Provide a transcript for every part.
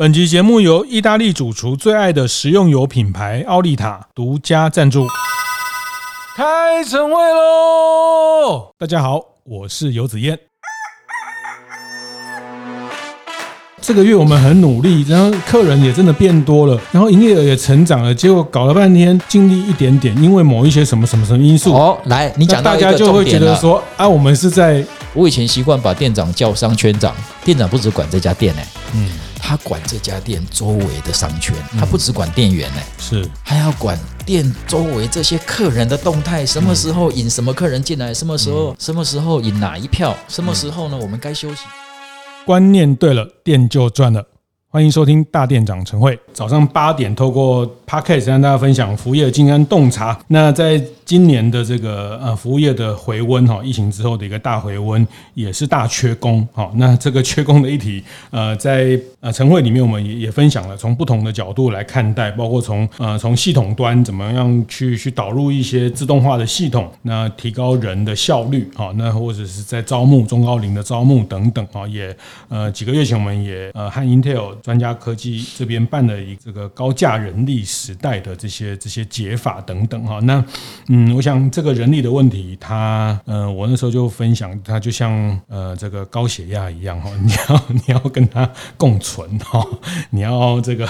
本集節目由意大利主廚最愛的食用油品牌奧利塔獨家贊助。開晨會嘍！大家好，我是尤子彥。這個月我們很努力，然後客人也真的變多了，然後營業額也成長了。結果搞了半天，淨利一點點，因為某一些什麼什麼什麼因素好、哦，來，你講大家就會覺得說啊，我們是在我以前習慣把店長叫商圈長，店長不只管這家店哎、欸，嗯。他管這家店周圍的商圈、嗯，他不只管店員呢、欸，是還要管店周圍這些客人的動態，什麼時候引什麼客人進來、嗯，什麼時候、嗯、什麼時候引哪一票，什麼時候呢？嗯、我們該休息。觀念對了，店就賺了。歡迎收聽大店長晨會，早上八點透過 Podcast 讓大家分享服務業的經營洞察。那在今年的這個呃服務業的回溫哈、哦，疫情之後的一個大回溫，也是大缺工哈。那這個缺工的議題，呃，在呃晨會裡面我們也也分享了，從不同的角度來看待，包括從呃從系統端怎麼樣去去導入一些自動化的系統，那提高人的效率啊、哦，那或者是在招募中高齡的招募等等啊、哦，也呃幾個月前我們也呃和 Intel 專家科技這邊辦了一這個高價人力時代的這些這些解法等等哈，那嗯，我想這個人力的問題，它嗯、呃，我那時候就分享，它就像呃這個高血壓一樣哈、哦，你要你要跟他共存哈、哦，你要這個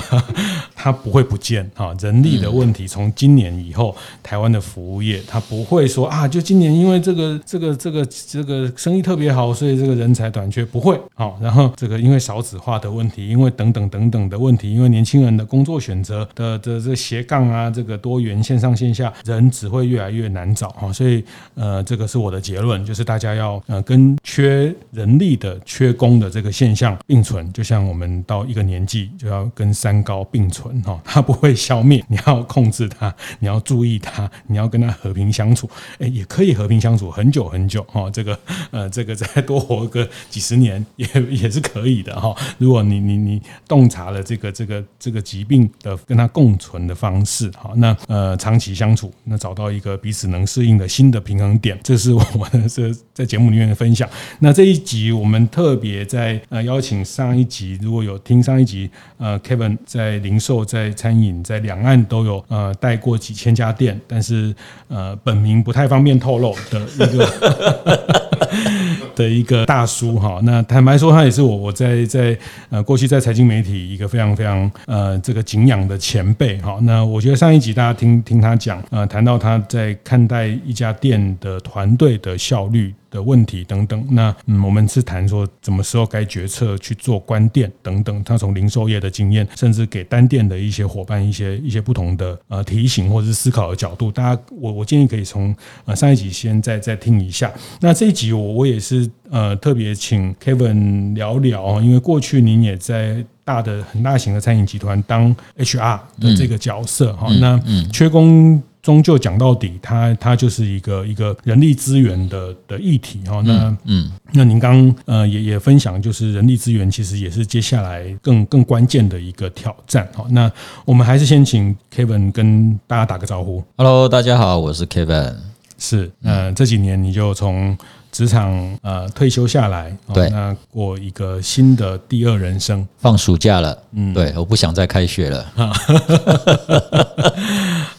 他不會不見哈、哦，人力的問題從今年以後，台灣的服務業它不會說啊，就今年因為這個這個這個這個生意特別好，所以這個人才短缺不會好、哦，然後這個因為少子化的問題，因為等等等等的問題，因為年輕人的工作選擇的的這個斜槓啊，這個多元線上線下人只會越來越難找哈，所以呃，這個是我的結論，就是大家要呃跟缺人力的缺工的這個現象並存，就像我們到一個年紀就要跟三高並存哈，它不會消滅，你要控制它，你要注意它，你要跟它和平相處，哎，也可以和平相處很久很久哈，這個呃這個再多活個幾十年也也是可以的哈，如果你你你。洞察了這個這個這個疾病的跟它共存的方式，好，那呃長期相處，那找到一個彼此能適應的新的平衡點，這是我們的這在節目裡面的分享。那這一集我們特別在呃邀請上一集，如果有聽上一集呃 Kevin 在零售、在餐飲、在兩岸都有呃帶過幾千家店，但是呃本名不太方便透露的一個。 的一個大叔哈，那坦白說，他也是我我在在呃過去在財經媒體一個非常非常呃這個敬仰的前輩哈。那我覺得上一集大家聽聽他講，呃，談到他在看待一家店的團隊的效率。的問題等等，那、嗯、我們是談說什麼時候該決策去做關店等等。他從零售業的經驗，甚至給單店的一些伙伴一些一些不同的呃提醒或者是思考的角度。大家，我我建議可以從呃上一集先再再聽一下。那這一集我我也是呃特別請 Kevin 聊聊，因為過去您也在大的很大型的餐飲集團當 HR 的這個角色哈、嗯哦。那、嗯嗯、缺工。終究講到底，它它就是一個一個人力資源的的議題哈。那嗯，嗯，那您剛呃也也分享，就是人力資源其實也是接下來更更關鍵的一個挑戰哈、哦。那我們還是先請 Kevin 跟大家打個招呼。Hello，大家好，我是 Kevin。是，嗯，呃、這幾年你就從。職場呃，退休下來，哦，對，那過一個新的第二人生，放暑假了，嗯，對，我不想再開學了，啊、呵呵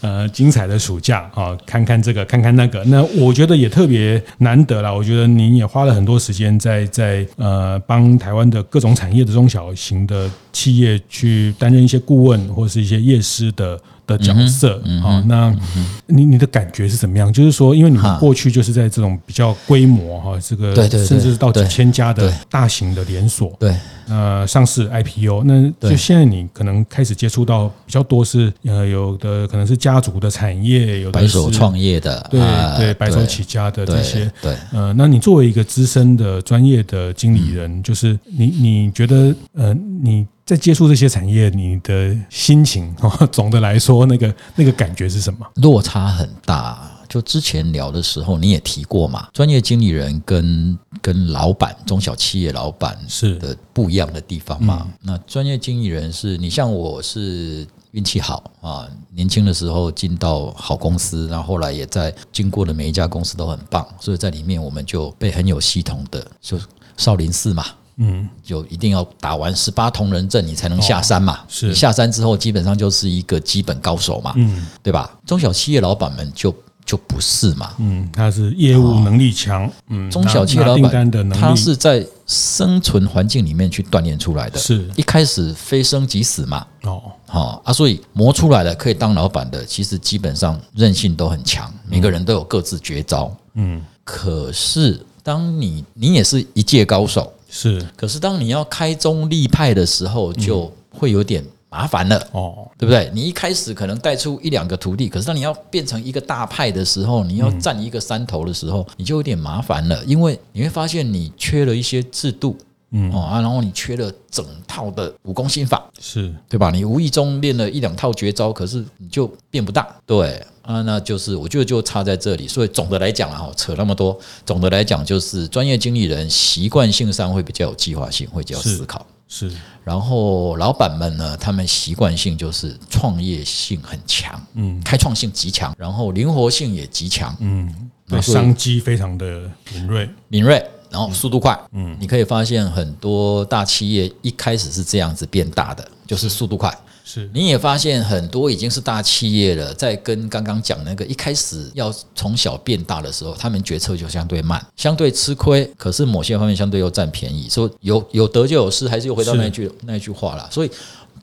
呃，精彩的暑假啊，哦，看看這個，看看那個，那我覺得也特別難得啦。我覺得您也花了很多時間在在呃，幫台灣的各種產業的中小型的企業去擔任一些顧問，或者是一些業師的的角色啊、嗯嗯哦，那、嗯、你你的感覺是怎麼樣？就是說，因為你過去就是在這種比較規模哈、啊，這個甚至到幾千家的大型的連鎖，對，對，對，對，呃上市 IPO，那就現在你可能開始接觸到比較多是呃，有的可能是家族的產業，有的是創業的，對、呃、對，對，白手起家的這些，對，對呃，那你作為一個資深的專業的經理人，嗯、就是你你覺得呃你。在接觸這些產業，你的心情總的來說，那個那個感覺是什麼？落差很大。就之前聊的時候，你也提過嘛，專業經理人跟跟老闆、中小企業老闆是的不一樣的地方嘛。那專業經理人是，你像我是運氣好啊，年輕的時候進到好公司，然後後來也在經過的每一家公司都很棒，所以在裡面我們就被很有系統的，就少林寺嘛。嗯，就一定要打完十八銅人陣，你才能下山嘛、哦。是，下山之後基本上就是一個基本高手嘛，嗯，對吧？中小企業老闆們就就不是嘛，嗯，他是業務能力強、哦，嗯，中小企業老闆，他是在生存環境裡面去鍛鍊出來的，是，是一開始非生即死嘛，哦，好、哦、啊，所以磨出來的可以當老闆的，其實基本上韌性都很強，每個人都有各自絕招，嗯，嗯，可是當你你也是一介高手。是，可是當你要開宗立派的時候，就會有點麻煩了哦、嗯，對不對？你一開始可能帶出一兩個徒弟，可是當你要變成一個大派的時候，你要佔一個山頭的時候，嗯、你就有點麻煩了，因為你會發現你缺了一些制度，嗯啊，然後你缺了整套的武功心法，是對吧？你無意中練了一兩套絕招，可是你就變不大，對。啊，那就是我覺得就差在這裡，所以總的來講啊，扯那麼多，總的來講就是專業經理人習慣性上會比較有計劃性，會比較思考，是。然後老闆們呢，他們習慣性就是創業性很強，嗯，開創性極強，然後靈活性也極強，嗯，那商機非常的敏銳，敏銳，然後速度快，嗯，你可以發現很多大企業一開始是這樣子變大的，就是速度快。是，你也發現很多已經是大企業了，在跟剛剛講那個一開始要從小變大的時候，他們決策就相對慢，相對吃虧，可是某些方面相對又占便宜，所以有有得就有失，還是又回到那句那句話啦。所以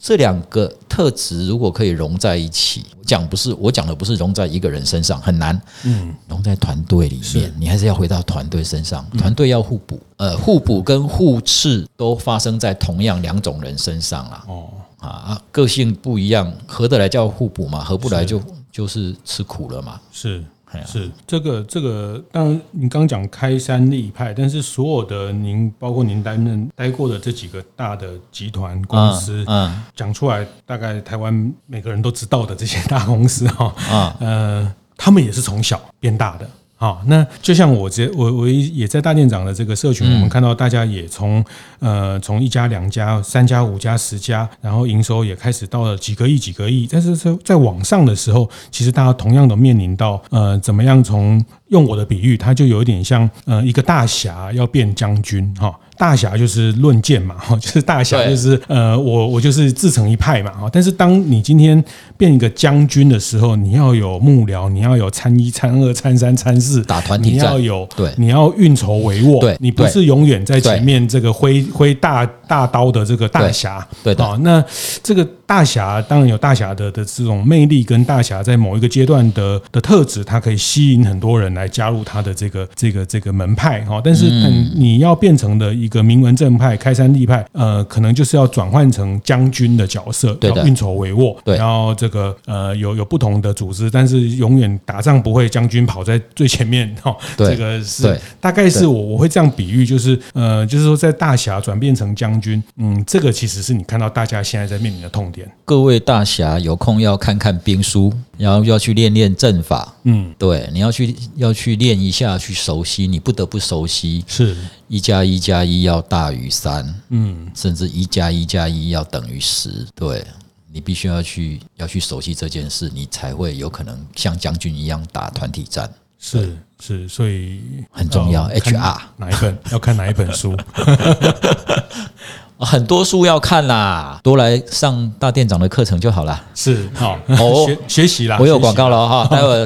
這兩個特質如果可以融在一起，講不是我講的不是融在一個人身上很難，嗯，融在團隊裡面，你還是要回到團隊身上，團隊要互補，呃，互補跟互斥都發生在同樣兩種人身上啦。哦。啊，個性不一樣，合得來叫互補嘛，合不來就是就是吃苦了嘛。是，哎、是這個這個。當然，你剛講開山立派，但是所有的您，包括您擔任待過的這幾個大的集團公司，嗯，講、嗯、出來，大概台灣每個人都知道的這些大公司哈，啊、嗯，呃，他們也是從小變大的。好，那就像我這，我我也在大店長的這個社群，嗯、我們看到大家也從，呃，從一家、兩家、三家、五家、十家，然後營收也開始到了幾個億、幾個億。但是，在往上的時候，其實大家同樣都面臨到，呃，怎麼樣從用我的比喻，它就有點像，呃，一個大俠要變將軍哈。哦大俠就是論劍嘛，哈，就是大俠就是呃，我我就是自成一派嘛，哈。但是當你今天變一個將軍的時候，你要有幕僚，你要有參一參二參三參四打團體，你要有，對，你要運籌帷幄，對，你不是永遠在前面這個揮揮大大刀的這個大俠，對的。哦，那這個。大俠當然有大俠的的這種魅力，跟大俠在某一個階段的的特質，他可以吸引很多人來加入他的這個這個這個門派哈。但是嗯，嗯，你要變成的一個名門正派，開山立派，呃，可能就是要轉換成將軍的角色，對對對，要運籌帷幄，對對對，然後這個呃有有不同的組織，但是永遠打仗不會將軍跑在最前面哈。哦、對，這個是對對對，大概是我我會這樣比喻，就是呃，就是說在大俠轉變成將軍，嗯，這個其實是你看到大家現在在面臨的痛點。各位大俠有空要看看兵書，然後要去練練陣法。嗯，對，你要去要去練一下，去熟悉，你不得不熟悉。是，一加一加一要大於三。嗯，甚至一加一加一要等於十。對，你必須要去要去熟悉這件事，你才會有可能像將軍一樣打團體戰。是是，所以很重要。要 HR 哪一本 要看哪一本書？ 很多書要看啦，多來上大店長的課程就好了。是，好、哦哦，學學習啦。我有廣告了哈，待會。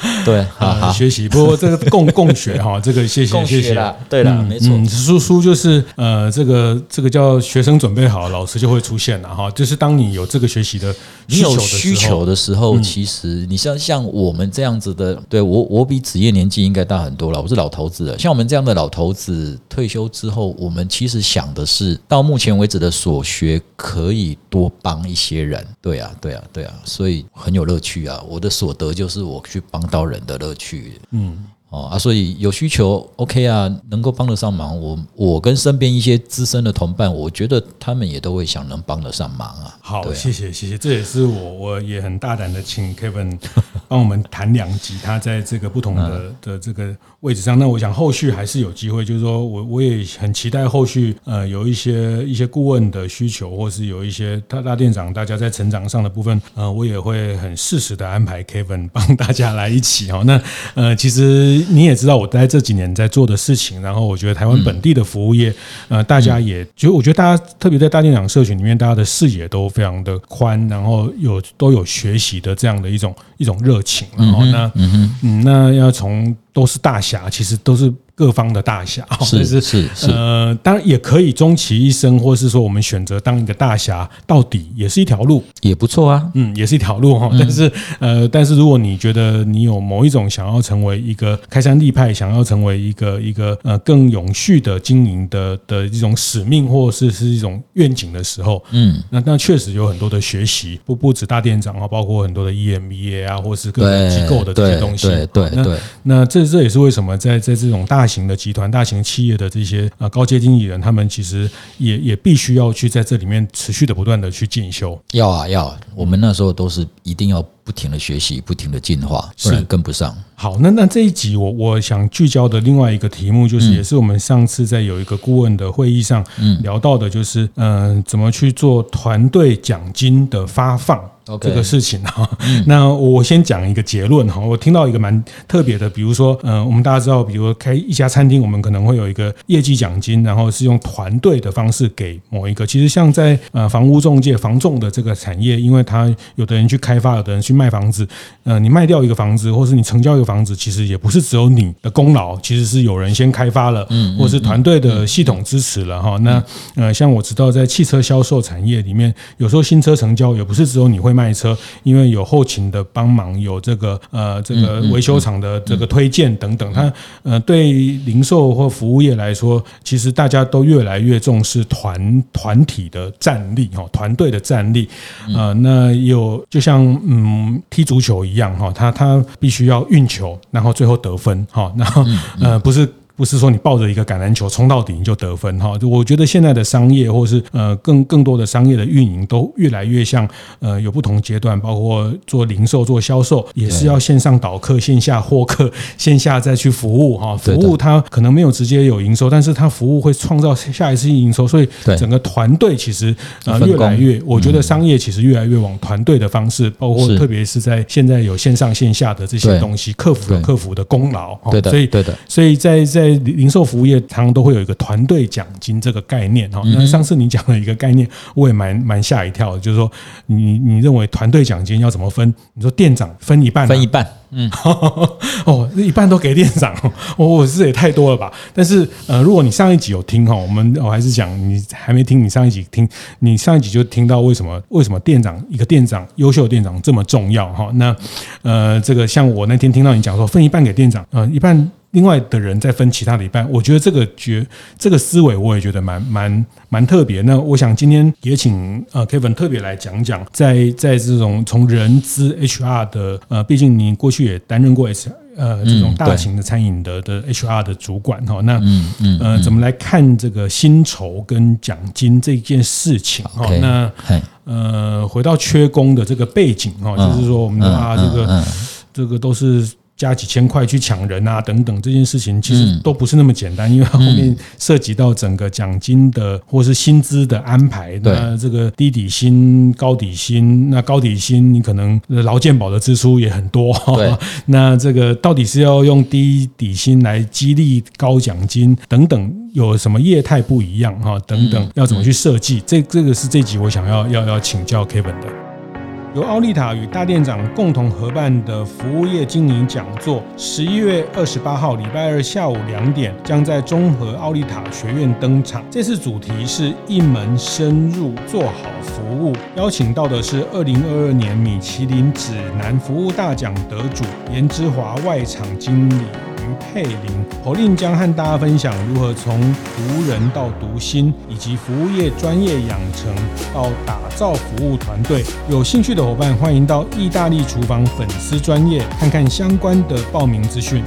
對，好好學習。不過這個共共學哈，這個謝謝謝謝。對啦，嗯、沒錯。嗯，書書就是呃，這個這個叫學生準備好，老師就會出現了哈。就是當你有這個學習的需求的時候，時候嗯、其實你像像我們這樣子的，對我我比子彥年紀應該大很多了，我是老頭子的，像我們這樣的老頭子退休之後，我們其實想的是，到目前為止的所學可以多幫一些人。對啊，對啊，對啊，所以很有樂趣啊。我的所得就是我去幫到人。人的樂趣嗯、哦，嗯，哦啊，所以有需求，OK 啊，能夠幫得上忙，我我跟身邊一些資深的同伴，我覺得他們也都會想能幫得上忙啊。好，啊、謝謝謝謝，這也是我我也很大膽的請 Kevin 幫我們談兩集，他在這個不同的 的這個。位置上，那我想後續還是有機會，就是說我我也很期待後續呃有一些一些顧問的需求，或是有一些大大店長大家在成長上的部分，呃，我也會很適時的安排 Kevin 幫大家來一起哈、哦。那呃，其實你也知道我在這幾年在做的事情，然後我覺得台灣本地的服務業，嗯、呃，大家也、嗯，就我覺得大家特別在大店長社群裡面，大家的視野都非常的寬，然後有都有學習的這樣的一種一種熱情、嗯，然後那嗯嗯那要從。都是大俠，其實都是。各方的大俠是是是，呃，當然也可以終其一生，或者是說我們選擇當一個大俠到底，也是一條路，也不錯啊。嗯，也是一條路哈。但是呃，但是如果你覺得你有某一種想要成為一個開山立派，想要成為一個一個呃更永續的經營的的一種使命，或是是一種願景的時候，嗯，那那確實有很多的學習，不不止大店長啊，包括很多的 EMBA 啊，或是各種機構的這些東西。對對對，那那這這也是為什麼在在這種大大型的集團、大型企業的這些啊高階經理人，他們其實也也必須要去在這裡面持續的不斷的去進修要，啊。要啊要，我們那時候都是一定要。不停的學習，不停的進化，是，不然跟不上。好，那那這一集我我想聚焦的另外一個題目，就是也是我們上次在有一個顧問的會議上聊到的，就是嗯、呃，怎麼去做團隊獎金的發放、嗯、這個事情啊、嗯？那我先講一個結論哈。我聽到一個蠻特別的，比如說嗯、呃，我們大家知道，比如說開一家餐廳，我們可能會有一個業績獎金，然後是用團隊的方式給某一個。其實像在呃房屋中介房仲的這個產業，因為他有的人去開發，有的人去。賣房子，嗯、呃，你賣掉一個房子，或是你成交一個房子，其實也不是只有你的功勞，其實是有人先開發了，嗯，或是團隊的系統支持了哈、嗯嗯。那呃，像我知道在汽車銷售產業裡面，有時候新車成交也不是只有你會賣車，因為有後勤的幫忙，有這個呃這個維修廠的這個推薦等等。嗯嗯嗯嗯、它呃，對零售或服務業來說，其實大家都越來越重視團團體的戰力哈，團隊的戰力。呃，那有就像嗯。踢足球一樣哈，他他必須要運球，然後最後得分哈，然後、嗯嗯、呃不是。不是說你抱着一個橄欖球衝到底你就得分哈，我覺得現在的商業或者是呃更更多的商業的運營都越來越像呃有不同階段，包括做零售、做銷售也是要線上導客、線下獲客、線下再去服務哈。服務它可能沒有直接有營收，但是它服務會創造下一次營收。所以整個團隊其實呃越來越，我覺得商業其實越來越往團隊的方式，包括特別是在現在有線上線下的這些東西，客服有客服的功勞。對的，所以對的，所以在在。零售服務業常常都會有一個團隊獎金這個概念哈、嗯。那上次你講了一個概念，我也蠻蠻嚇一跳的，就是說你你認為團隊獎金要怎麼分？你說店長分一半、啊，分一半，嗯， 哦，一半都給店長，我、哦、這也太多了吧？但是呃，如果你上一集有聽哈，我們我還是講你還沒聽，你上一集聽，你上一集就聽到為什麼為什麼店長一個店長優秀的店長這麼重要哈、哦？那呃，這個像我那天聽到你講說分一半給店長，嗯、呃，一半。另外的人再分其他的一半，我覺得這個覺這個思維我也覺得蠻蠻蠻特別。那我想今天也請呃 Kevin 特別來講講，在在這種從人資 HR 的呃，畢竟你過去也擔任過 S 呃這種大型的餐飲的、嗯、的、的 HR 的主管哈、哦。那嗯嗯、嗯、呃、怎麼來看這個薪酬、跟獎金這件事情哈、Okay, 哦？那呃，回到缺工的這個背景哈、哦，就是說我們的話、嗯、這個、嗯嗯嗯、這個都是。加幾千塊去搶人啊，等等這件事情其實都不是那麼簡單，嗯、因為後面涉及到整個獎金的或是薪資的安排、嗯。那這個低底薪、高底薪，那高底薪你可能勞健保的支出也很多。對、哦、那這個到底是要用低底薪來激勵高獎金等等，有什麼業態不一樣哈、哦，等等，要怎麼去設計？嗯、這這個是這集我想要要要請教 Kevin 的。由奧利塔與大店長共同合辦的服務業經營講座，十一月二十八號禮拜二下午兩點，將在中和奧利塔學院登場。這次主題是一門深入做好服務，邀請到的是二零二二年米其林指南服務大獎得主顏之華外場經理。佩玲侯令將和大家分享如何從讀人到讀心，以及服務業專業養成到打造服務團隊。有興趣的夥伴歡迎到意大利廚房粉絲專頁看看相關的報名資訊。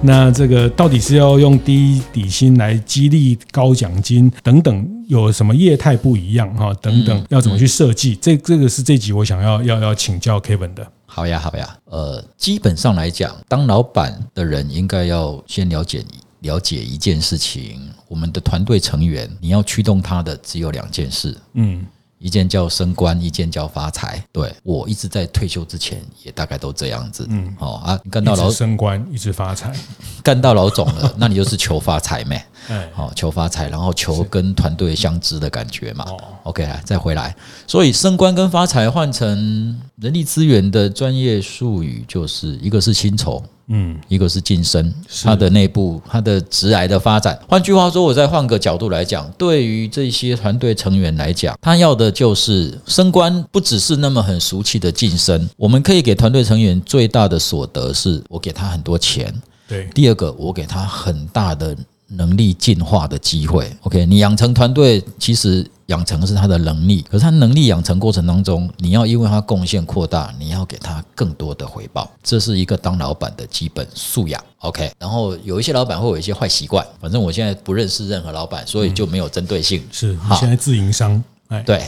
那這個到底是要用低底薪來激勵高獎金等等，有什麼業態不一樣哈、哦？等等要怎麼去設計？這這個是這集我想要要要請教 Kevin 的。好呀，好呀，呃，基本上來講，當老闆的人應該要先了解了解一件事情，我們的團隊成員，你要驅動他的只有兩件事，嗯，一件叫升官，一件叫發財。對，我一直在退休之前也大概都這樣子，嗯，哦啊，幹到老升官，一直發財， 幹到老總了，那你就是求發財咩？ 好，嗯，求發財，然後求跟團隊相知的感覺嘛？OK，再回來，所以升官跟發財換成人力資源的專業術語，就是一個是薪酬，嗯，一個是晉升，他的內部他的職涯的發展。換句話說，我再換個角度來講，對於這些團隊成員來講，他要的就是升官，不只是那麼很俗氣的晉升。我們可以給團隊成員最大的所得，是我給他很多錢。對，第二個，我給他很大的。能力進化的機會，OK？你養成團隊，其實養成是他的能力，可是他能力養成過程當中，你要因為他貢獻擴大，你要給他更多的回報，這是一個當老闆的基本素養，OK？然後有一些老闆會有一些壞習慣，反正我現在不認識任何老闆，所以就沒有針對性。是，你現在自營商。 對，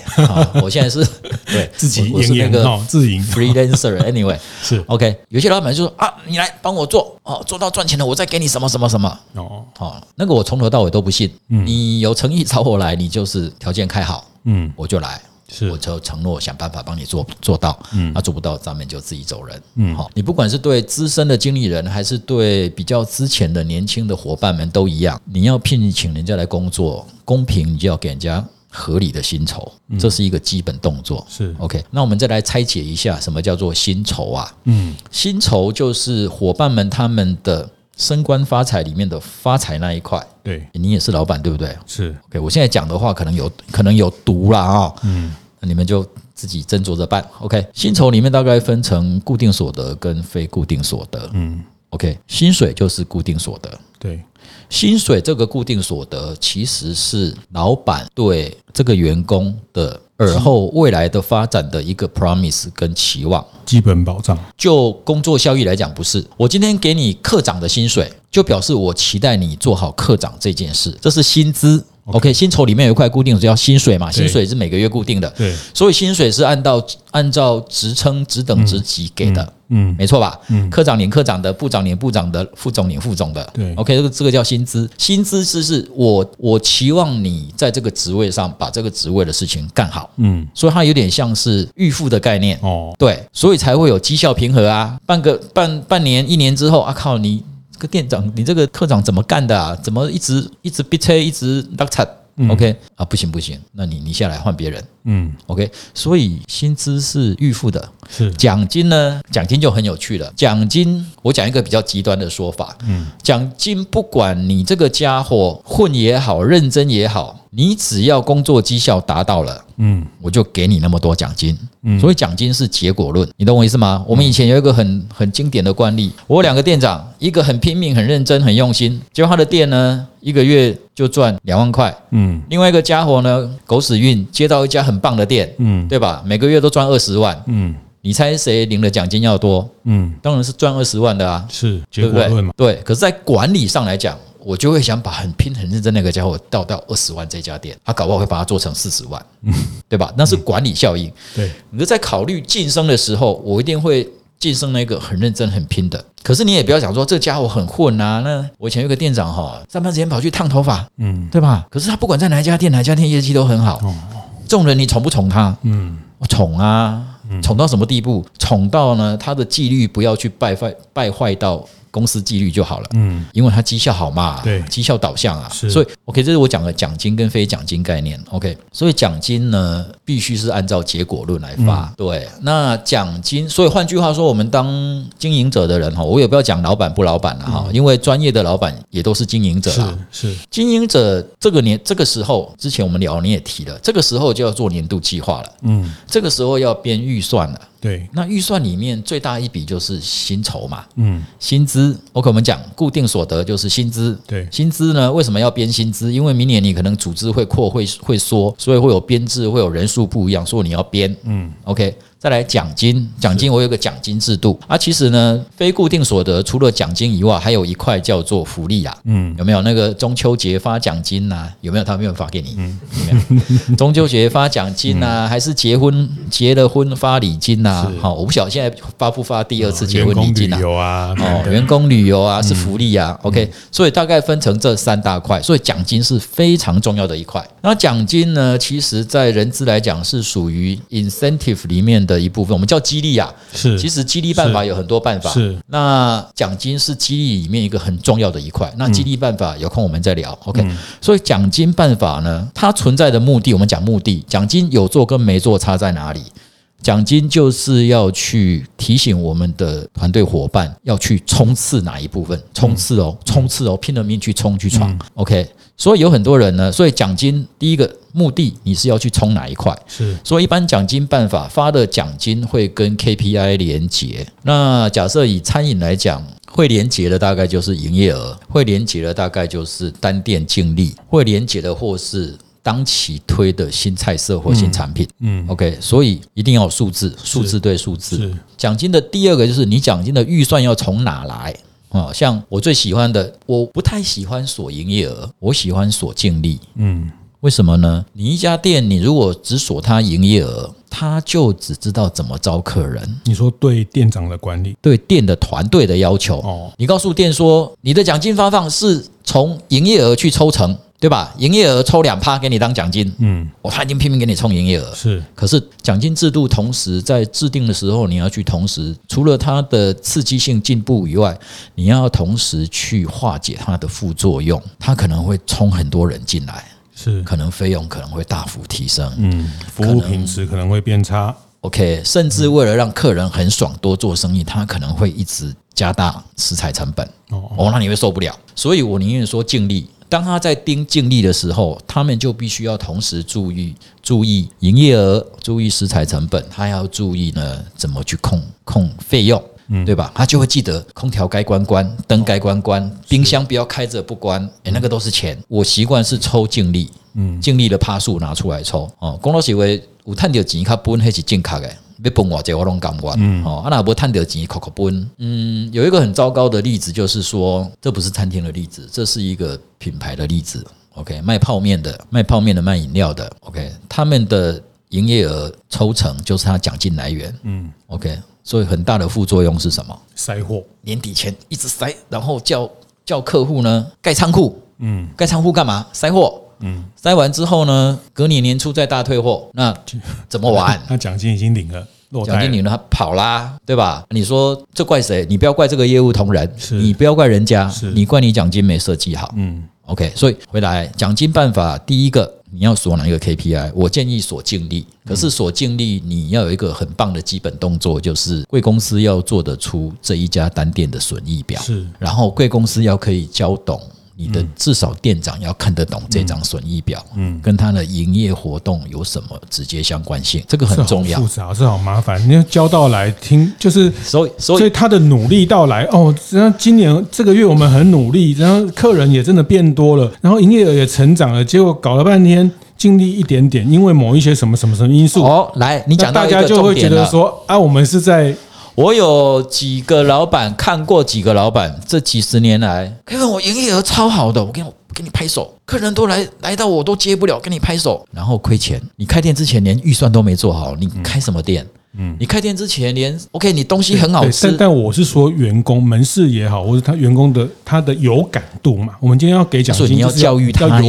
我現在是對自己演演我是那個 freelancer，自營 freelancer，anyway 是 OK。有些老闆就說啊，你來幫我做哦，做到賺錢了，我再給你什麼什麼什麼哦，哦。好，那個我從頭到尾都不信。嗯，你有誠意找我來，你就是條件開好，嗯，我就來，是我就承諾想辦法幫你做做到。嗯，啊，做不到咱們就自己走人。嗯，哦，好，你不管是對資深的經理人，還是對比較之前的年輕的夥伴們都一樣，你要聘請人家來工作，公平你就要給人家合理的薪酬，這是一個基本動作。嗯，是 OK，那我們再來拆解一下，什麼叫做薪酬啊？嗯，薪酬就是伙伴們他們的升官發財裡面的發財那一塊。對，你也是老闆，對不對？是 OK，我現在講的話可能有可能有毒啦啊哦。嗯，那你們就自己斟酌着辦。OK，薪酬裡面大概分成固定所得跟非固定所得。嗯。OK，薪水就是固定所得。對，薪水這個固定所得其實是老闆對這個員工的爾後未來的發展的一個 promise 跟期望，基本保障。就工作效益來講，不是。我今天給你課長的薪水，就表示我期待你做好課長這件事，這是薪資。OK，薪酬裡面有一塊固定，就叫薪水嘛。薪水是每個月固定的，對。對所以薪水是按照按照職稱、職等、職級給的，嗯，嗯嗯沒錯吧？嗯，科長領科長的，部長領部長的，副總領副總的，對。OK，這個這個叫薪資，薪資是是我我期望你在這個職位上把這個職位的事情幹好，嗯。所以它有點像是預付的概念哦，對，所以才會有績效評核啊。半個半半年一年之後啊，靠你。個店長，你這個科長怎麼幹的？啊？怎麼一直一直逼車，一直拉扯、嗯、？OK 啊，不行不行，那你你下來換別人。嗯，OK。所以薪資是預付的，是獎金呢？獎金就很有趣了。獎金我講一個比較極端的說法。嗯，獎金不管你這個家伙混也好，認真也好。你只要工作績效達到了，嗯，我就給你那麼多獎金，嗯，所以獎金是結果論，你懂我意思嗎？我們以前有一個很很經典的慣例，我兩個店長，一個很拼命、很認真、很用心，結果他的店呢，一個月就賺兩萬塊，嗯，另外一個家伙呢，狗屎運接到一家很棒的店，嗯，對吧？每個月都賺二十萬，嗯，你猜誰領的獎金要多？嗯，當然是賺二十萬的啊，是結果論嘛，對。可是，在管理上來講。我就會想把很拼、很認真那個家夥調到二十萬這家店，啊，他搞不好會把它做成四十萬，嗯，對吧？那是管理效應，嗯。對，你就在考慮晉升的時候，我一定會晉升那個很認真、很拼的。可是你也不要想說這家夥很混啊。那我以前有個店長哈，上班時間跑去燙頭髮，嗯，對吧？可是他不管在哪家店，哪家店業績都很好。這種人你寵不寵他？嗯，我寵啊，寵到什麼地步？寵到呢，他的紀律不要去敗壞、敗壞到。公司紀律就好了，嗯，因為它績效好嘛，對，績效導向啊，所以 OK，這是我講的獎金跟非獎金概念，OK，所以獎金呢必須是按照結果論來發，對，那獎金，所以換句話說，我們當經營者的人哈，我也不要講老闆不老闆了哈，因為專業的老闆也都是經營者啊，是經營者這個年這個時候，之前我們聊你也提了，這個時候就要做年度計劃了，嗯，這個時候要編預算了。對，那預算裡面最大一筆就是薪酬嘛。嗯，薪資。OK，我們講固定所得就是薪資。對，薪資呢？為什麼要編薪資？因為明年你可能組織會擴會會縮，所以會有編制，會有人數不一樣，所以你要編。嗯，OK。再來獎金，獎金我有個獎金制度啊。其實呢，非固定所得除了獎金以外，還有一塊叫做福利啊。嗯，有沒有那個中秋節發獎金吶、啊？有沒有他們沒有發給你？嗯，中秋節發獎金吶、啊，還是結婚結了婚發禮金吶？好，我不曉得現在發不發第二次結婚禮金啊？有啊，哦，員工旅遊啊、呃、啊是福利啊。OK，所以大概分成這三大塊，所以獎金是非常重要的一塊。那獎金呢，其實在人資來講是屬於 incentive 裡面的。的一部分，我們叫激勵啊。是，其實激勵辦法有很多辦法。是，是。那獎金是激勵裡面一個很重要的一塊。那激勵辦法有空我們再聊。嗯、OK，嗯、所以獎金辦法呢，它存在的目的，我們講目的，獎金有做跟沒做差在哪裡？獎金就是要去提醒我們的團隊夥伴要去衝刺哪一部分，衝刺哦，衝刺哦，拼了命去衝去闖、嗯、OK，所以有很多人呢，所以獎金第一個目的，你是要去衝哪一塊？是，所以一般獎金辦法發的獎金會跟 KPI 連結。那假設以餐飲來講，會連結的大概就是營業額，會連結的大概就是單店淨利，會連結的或是。當期推的新菜色或新產品，嗯、嗯，OK，所以一定要有數字，數字對數字。是。獎金的第二個就是，你獎金的預算要從哪來啊？哦，像我最喜歡的，我不太喜歡鎖營業額，我喜歡鎖淨利，嗯，為什麼呢？你一家店，你如果只鎖他營業額，他就只知道怎麼招客人。你說對店長的管理，對店的團隊的要求。哦，你告訴店說，你的獎金發放是從營業額去抽成。對吧？營業額抽兩趴給你當獎金，嗯，我他已經拼命給你衝營業額，是。可是獎金制度同時在制定的時候，你要去同時除了它的刺激性進步以外，你要同時去化解它的副作用。它可能會衝很多人進來，是。可能費用可能會大幅提升，嗯，服務品質可能會變差。OK，甚至為了讓客人很爽多做生意，他、嗯、可能會一直加大食材成本。哦，哦，哦，那你會受不了，所以我寧願說淨利。當他在盯淨利的時候，他們就必須要同時注意注意營業額，注意食材成本，他要注意呢怎麼去控控費用，嗯，對吧？他就會記得空調該關關，燈該關關，哦，冰箱不要開着不關，哎、欸，那個都是錢。我習慣是抽淨利，嗯，淨利的趴數拿出來抽哦。工作時會，我賺到錢卡不問還是進卡的被崩，我這我都感覺，啊、嗯，好，阿那不貪得之，靠靠本，嗯，有一個很糟糕的例子，就是說，這不是餐廳的例子，這是一個品牌的例子，OK，賣泡麵的，賣泡麵的，賣飲料的，OK，他們的營業額抽成就是他獎金來源，嗯，OK，所以很大的副作用是什麼？塞貨，年底前一直塞，然後叫叫客戶呢蓋倉庫，嗯，蓋倉庫幹嘛？塞貨。嗯，塞完之後呢，隔年年初再大退貨，那怎麼玩？那 獎金已經領了，獎金領了他跑啦，對吧？你說這怪誰？你不要怪這個業務同仁，你不要怪人家，你怪你獎金沒設計好。嗯，OK。所以回來獎金辦法，第一個你要鎖哪一個 KPI？我建議鎖淨利。可是鎖淨利，你要有一個很棒的基本動作，就是貴公司要做得出這一家單店的損益表，是。然後貴公司要可以教懂。你的至少店長要看得懂這張損益表，嗯，跟他的營業活動有什麼直接相關性？這個很重要。複雜，是好麻煩。你要教到來聽，就是所以所以他的努力到來哦，然後今年這個月我們很努力，然後客人也真的變多了，然後營業額也成長了，結果搞了半天，淨利一點點，因為某一些什麼什麼什麼因素哦，來，你講大家就會覺得說啊，我們是在。我有幾個老板看過，幾個老板這幾十年來，OK，我營業額超好的，我給我給你拍手，客人都來來到我都接不了，給你拍手，然後虧錢。你開店之前連預算都沒做好，你開什麼店？嗯，你開店之前連 OK，你東西很好吃。但我是說員工門市也好，或者他員工的他的有感度嘛。我們今天要給獎金，就你要教育他啊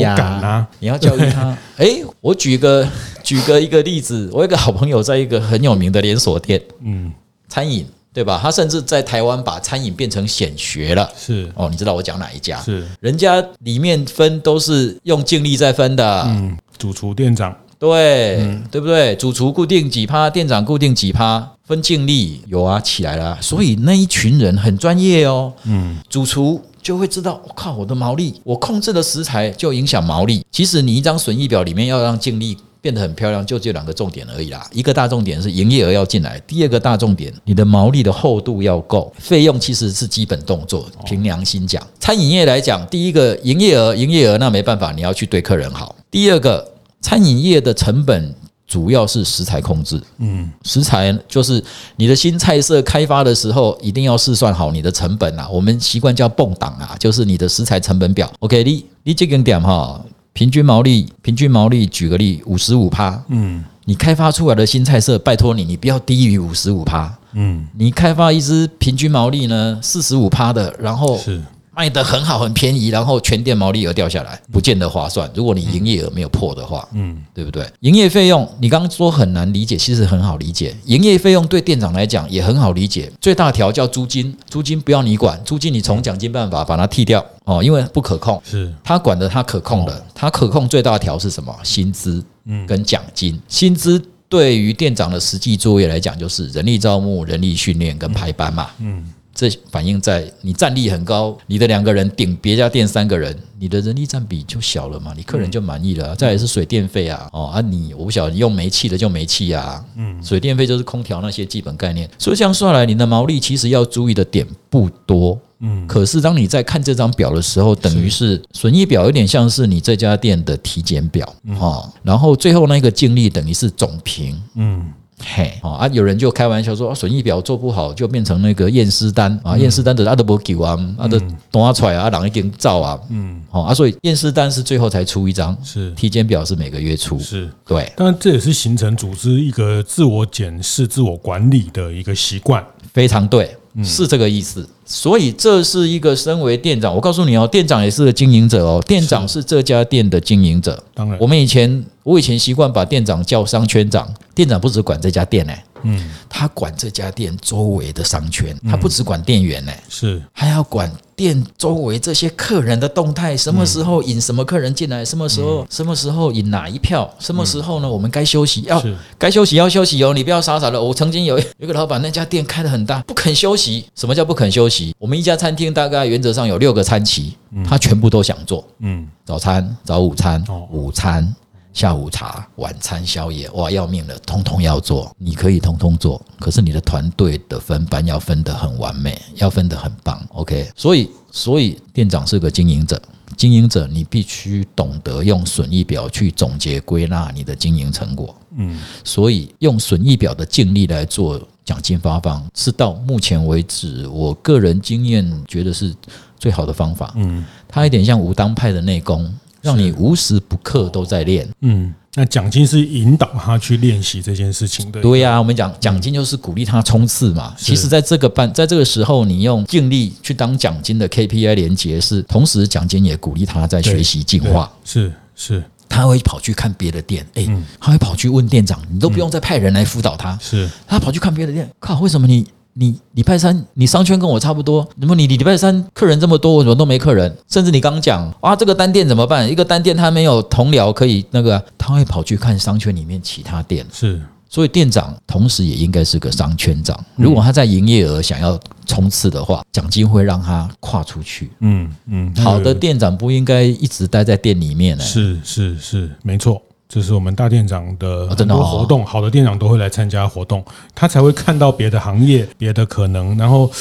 你要教育他、欸。誒我舉個舉個一個例子，我一個好朋友在一個很有名的連鎖店， 嗯。餐飲對吧？他甚至在台灣把餐飲變成顯學了。是哦，你知道我講哪一家？是人家裡面分都是用淨利在分的。嗯，主廚、店長，對、嗯，對不對？主廚固定幾趴，店長固定幾趴，分淨利有啊，起來了。所以那一群人很專業哦。嗯，主廚就會知道，我、哦、靠，我的毛利，我控制的食材就影響毛利。其實你一張損益表裡面要讓淨利，變得很漂亮，就這兩個重點而已啦。一個大重點是營業額要進來，第二個大重點你的毛利的厚度要夠。費用其實是基本動作。憑良心講，餐飲業來講，第一個營業額，營業額那沒辦法，你要去對客人好。第二個，餐飲業的成本主要是食材控制。嗯，食材就是你的新菜色開發的時候，一定要試算好你的成本啊。我們習慣叫“蹦檔”啊，就是你的食材成本表。OK，你你這個點哈。平均毛利，平均毛利，舉個例，五十五趴。嗯，你開發出來的新菜色，拜託你，你不要低於五十五趴。嗯，你開發一支平均毛利呢，四十五趴的，然後是。賣的很好，很便宜，然後全店毛利額掉下來，不見得划算。如果你營業額沒有破的話，嗯、嗯，嗯，對不對？營業費用你剛剛說很難理解，其實很好理解。營業費用對店長來講也很好理解，最大條叫租金，租金不要你管，租金你從獎金辦法把它剔掉哦，因為不可控。是，他管的他可控的，他可控最大條是什麼？薪資，嗯，跟獎金。薪資對於店長的實際作業來講，就是人力招募、人力訓練跟排班嘛，嗯、嗯。嗯這反映在你戰力很高，你的兩個人頂別家店三個人，你的人力佔比就小了嘛，你客人就滿意了。再來是水電費啊，哦，啊你我不曉得用煤氣的就煤氣啊。嗯，水電費就是空調那些基本概念。所以這樣說來，你的毛利其實要注意的點不多，嗯。可是當你在看這張表的時候，等於是損益表有點像是你這家店的體檢表啊，然後最後那個淨利等於是總評，嗯。嘿，啊啊，有人就開玩笑說，啊損益表做不好就變成那個驗屍單啊，驗屍單的是阿德伯給啊，阿德東阿踹啊，人已經走啊，嗯，好啊，啊，啊，啊、嗯、啊，所以驗屍單是最後才出一張，是體檢表是每個月出，是，對，但這也是形成組織一個自我檢視、自我管理的一個習慣，非常對。嗯、是這個意思，所以這是一個身為店長，我告訴你哦，店長也是個經營者哦，店長是這家店的經營者。當然，我們以前我以前習慣把店長叫商圈長，店長不只管這家店欸，嗯，他管這家店周圍的商圈，他不只管店員欸，是還要管。店周圍這些客人的動態，什麼時候引什麼客人進來？什麼時候？什麼時候引哪一票？什麼時候呢？我們該休息，要該休息要休息哦，你不要傻傻的。我曾經有一個老板，那家店開得很大，不肯休息。什麼叫不肯休息？我們一家餐廳大概原則上有六個餐期，他全部都想做。嗯，早餐、早午餐、午餐。下午茶、晚餐、宵夜，哇，要命了，通通要做。你可以通通做，可是你的團隊的分班要分得很完美，要分得很棒。OK，所以，所以店長是個經營者，經營者你必須懂得用損益表去總結歸納你的經營成果。嗯，所以用損益表的淨利來做獎金發放，是到目前為止我個人經驗覺得是最好的方法。嗯，它有點像武當派的內功。讓你無時不刻都在練。嗯，那獎金是引導他去練習這件事情對對呀，我們講獎金就是鼓勵他衝刺嘛。其實，在這個半，在這個時候，你用淨利去當獎金的 KPI 連接，是同時獎金也鼓勵他在學習進化。是，是，他會跑去看別的店，哎，他會跑去問店長，你都不用再派人來輔導他，是他跑去看別的店，靠，為什麼你？你禮拜三，你商圈跟我差不多，那麼你禮拜三客人這麼多，我怎麼都沒客人？甚至你剛講，啊這個單店怎麼辦？一個單店他沒有同僚可以那個，他會跑去看商圈裡面其他店。是，所以店長同時也應該是個商圈長。如果他在營業額想要衝刺的話，獎金會讓他跨出去。嗯嗯，好的店長不應該一直待在店裡面呢。是是是，沒錯。這、就是我們大店長的很多活動，好的店長都會來參加活動，他才會看到別的行業、別的可能，然後，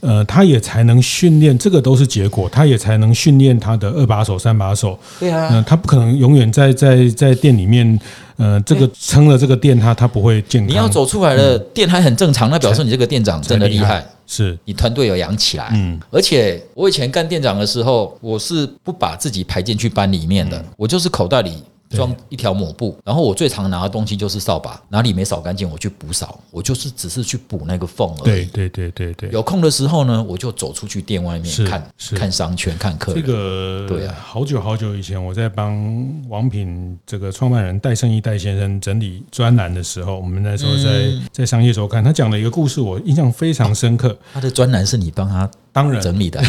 呃，他也才能訓練，這個都是結果，他也才能訓練他的二把手、三把手。對啊，他不可能永遠在在在店裡面，呃，這個撐了這個店，他他不會進。嗯、你要走出來了，店還很正常，那表示你這個店長真的厲害，害，是你團隊有養起來。嗯，而且我以前幹店長的時候，我是不把自己排進去班裡面的，嗯，我就是口袋裡。裝一條抹布，然後我最常拿的東西就是掃把，哪裡沒掃乾淨，我去補掃，我就是只是去補那個縫而已。對對對對對，對，有空的時候呢，我就走出去店外面看看商圈、看客。這個對啊，好久好久以前，我在幫王品這個創辦人戴勝益戴先生整理專欄的時候，我們那時候在、嗯、在商業周刊，他講了一個故事，我印象非常深刻。哦、他的專欄是你幫他。當然整理的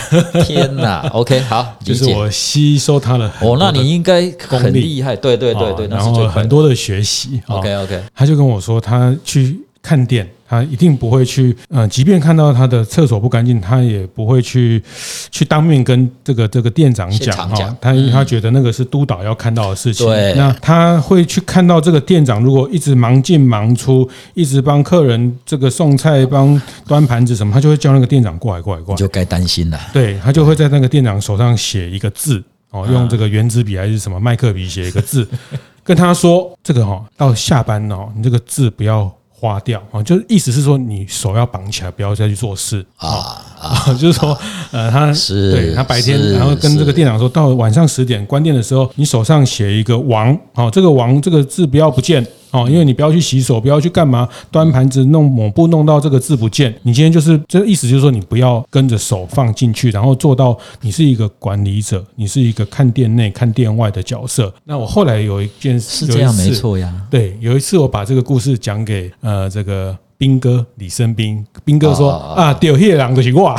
天哪， ，OK，好，就是我吸收他了的哦，那你應該很厲害，對對對對，哦，然後很多的學習，哦哦，OK OK，他就跟我說他去看店。他一定不會去，嗯，即便看到他的廁所不乾淨，他也不會去去當面跟這個這個店長講哈，他因為他覺得那個是督導要看到的事情。那他會去看到這個店長如果一直忙進忙出，一直幫客人這個送菜、幫端盤子什麼，他就會叫那個店長過來過來過來。就該擔心了。對，他就會在那個店長手上寫一個字，哦，用這個原子筆還是什麼麥克筆寫一個字，跟他說這個哈、哦，到下班了、哦，你這個字不要。花掉啊，就意思是說你手要綁起來，不要再去做事啊啊，啊 就是說，呃，他對他白天，然後跟這個店長說，到晚上十點關店的時候，你手上寫一個王，好，這個王這個字不要不見。哦，因為你不要去洗手，不要去幹嘛，端盤子弄、弄抹布，弄到這個字不見。你今天就是這個意思，就是說你不要跟着手放進去，然後做到你是一個管理者，你是一個看店內、看店外的角色。那我後來有一件事是這樣有，沒錯呀，對，有一次我把這個故事講給呃這個。斌哥李生斌，斌哥說、哦、啊，丟黑土西瓜。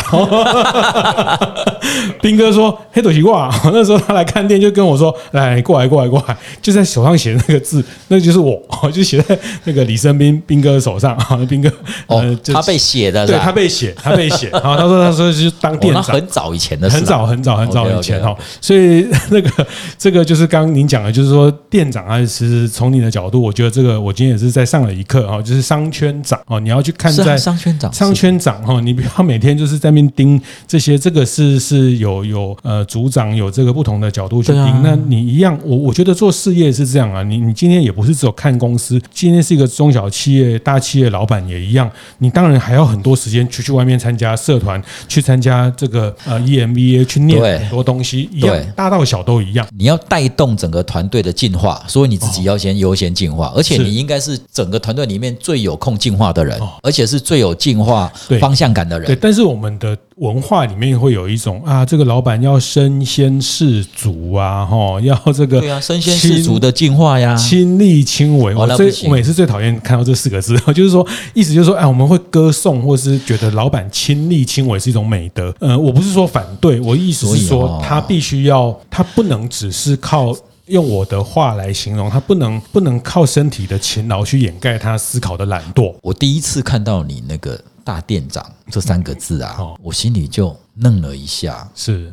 斌 哥說黑土西啊。那時候他來看店，就跟我說：“來，過來，過來，過來。”就在手上寫那個字，那個、就是我，就寫在那個李生斌斌哥的手上。斌哥，哦，嗯、就他被寫的是不是，對，他被寫，他被寫。然 後他說：“他說就當店長。哦”很早以前的事、啊，很早很早很早以前哈。Okay okay 所以那個這個就是剛剛您講的，就是說店長啊，其實從你的角度，我覺得這個我今天也是在上了一課啊，就是商圈長。哦，你要去看在商圈長，商圈長哈，你不要每天就是在那邊盯這些，這個是是有有呃組長有這個不同的角度去盯。那你一樣，我我覺得做事業是這樣啊，你你今天也不是只有看公司，今天是一個中小企業、大企業老闆也一樣，你當然還要很多時間去去外面參加社團，去參加這個呃 EMBA 去念很多東西，一樣大到小都一樣。你要帶動整個團隊的進化，所以你自己要先優先進化，而且你應該是整個團隊裡面最有空進化的。的人，而且是最有進化方向感的人。對。對，但是我們的文化裡面會有一種啊，這個老板要身先士卒啊吼，要這個對啊，身先士卒的進化呀，親力親為。所以我每次最討厭看到這四個字，就是說，意思就是說，哎、啊，我們會歌頌，或是覺得老板親力親為是一種美德。呃、我不是說反對，我意思是說、哦、他必須要，他不能只是靠。用我的話來形容，他不能不能靠身體的勤勞去掩蓋他思考的懶惰。我第一次看到你那個“大店長”這三個字啊，我心裡就愣了一下。是，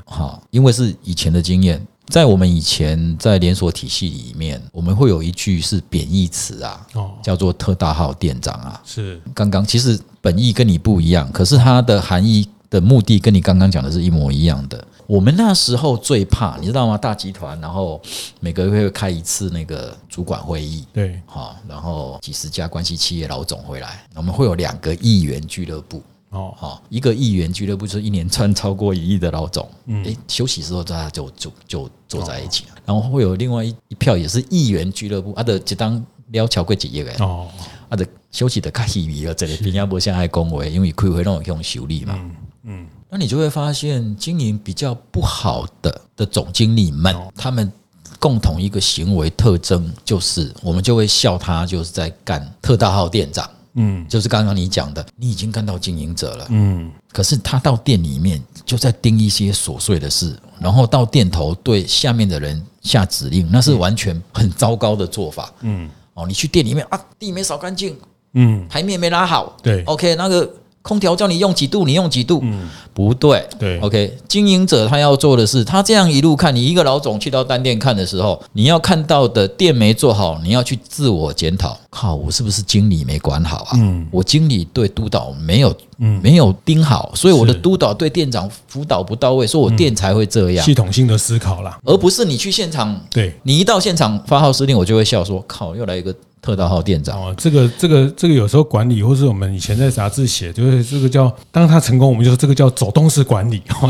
因為是以前的經驗，在我們以前在連鎖體系裡面，我們會有一句是貶義詞啊，叫做“特大號店長”啊。是，剛剛其實本意跟你不一樣，可是它的含義的目的跟你剛剛講的是一模一樣的。我們那時候最怕，你知道嗎？大集團，然後每個月會開一次那個主管會議，對，好，然後幾十家關係企業老總回來，我們會有兩個億元俱樂部，哦，好，一個億元俱樂部是一年賺超過一億的老總，嗯，哎、欸，休息時候大家就就就，就，就坐在一起、哦，然後會有另外一一票也是億元俱樂部，他的只當撩橋貴幾億人哦，阿、啊、的、哦啊、休息的開喜米了，這個平常不太愛講話，因為開會都會用修理嘛，嗯。嗯那你就會發現，經營比較不好的的總經理們，他們共同一個行為特徵就是，我們就會笑他就是在幹特大號店長。嗯，就是剛剛你講的，你已經幹到經營者了。嗯，可是他到店裡面就在盯一些瑣碎的事，然後到店頭對下面的人下指令，那是完全很糟糕的做法。嗯，哦，你去店裡面啊，地沒掃乾淨，嗯，檯面沒拉好，對，OK，那個。空調叫你用幾度，你用幾度？嗯，不對。對，OK，經營者他要做的是，他這樣一路看你一個老總去到單店看的時候，你要看到的店沒做好，你要去自我檢討。靠，我是不是經理沒管好啊？嗯，我經理對督導沒有，嗯，沒有盯好，所以我的督導對店長輔導不到位，所以我店才會這樣。系統性的思考啦，而不是你去現場。對，你一到現場發號施令，我就會笑說：靠，又來一個。特大號店長哦，這個這個這個有時候管理，或是我們以前在雜誌寫，就是這個叫當他成功，我們就說這個叫走動式管理。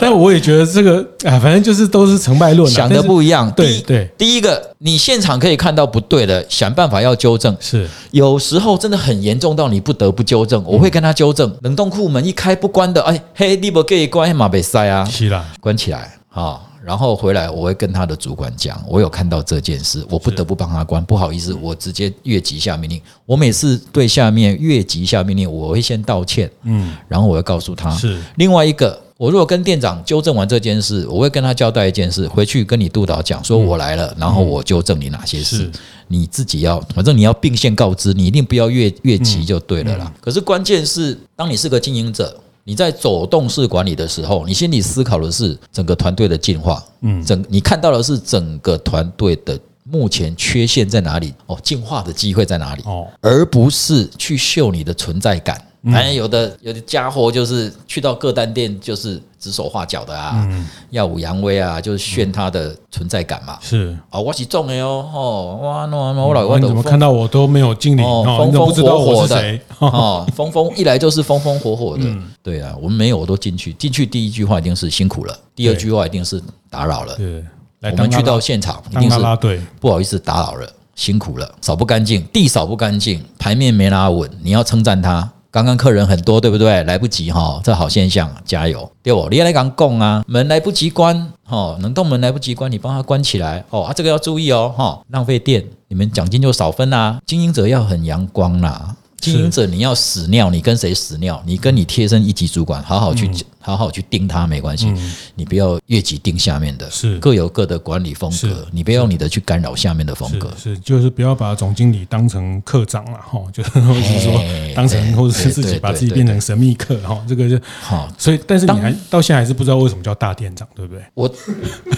但我也覺得這個啊，反正就是都是成敗論、啊，想的不一樣。對對，對，第一個你現場可以看到不對的，想辦法要糾正。是有時候真的很嚴重到你不得不糾正，我會跟他糾正。嗯、冷凍庫門一開不關的，哎嘿，你不給一關，馬被塞啊，起來，關起來啊。哦然後回來，我會跟他的主管講，我有看到這件事，我不得不幫他關，不好意思，我直接越級下命令。我每次對下面越級下命令，我會先道歉，嗯，然後我會告訴他。是另外一個，我如果跟店長糾正完這件事，我會跟他交代一件事，回去跟你督導講，說我來了，嗯、然後我糾正你哪些事、嗯，你自己要，反正你要併線告知，你一定不要越越級就對了啦、嗯嗯。可是關鍵是，當你是個經營者。你在走動式管理的時候，你心裡思考的是整個團隊的進化，嗯，整你看到的是整個團隊的目前缺陷在哪裡，哦，進化的機會在哪裡，哦，而不是去秀你的存在感。反、嗯哎、有的有的家伙就是去到各單店就是指手畫腳的啊，耀、嗯、武揚威啊，就是炫他的存在感嘛。是啊、哦，我是重的哦，哇、哦，我麼那麼我老外、嗯、怎麼看到我都沒有敬禮、哦？風風火火的、哦哦，風風一來就是風風火火的。哦、 對啊，我們沒有我都進去，進去第一句話一定是辛苦了，第二句話一定是打擾了。對，對來，我們去到現場一定是對，不好意思打擾了，辛苦了，掃不乾淨，地掃不乾淨，排面沒拉穩，你要稱讚他。剛剛客人很多，對不對？來不及哈、哦，這好現象、啊，加油，對我，你也來趕供啊，門來不及關，哈、哦，冷凍門來不及關，你幫他關起來，哦啊，這個要注意哦，哈、哦，浪費電，你們獎金就少分吶、啊。經營者要很陽光啦。經營者你要屎尿，你跟誰屎尿？你跟你貼身一級主管好好去講、嗯好好去盯他沒關係、嗯，你不要越級盯下面的。是各有各的管理風格，你不要用你的去干擾下面的風格，是，是就是不要把總經理當成課長了哈，就是或者說當成嘿嘿嘿，或者是自己把自己變成神秘客哈，這個就好，所以但是你還到現在還是不知道為什麼叫大店長對不對？我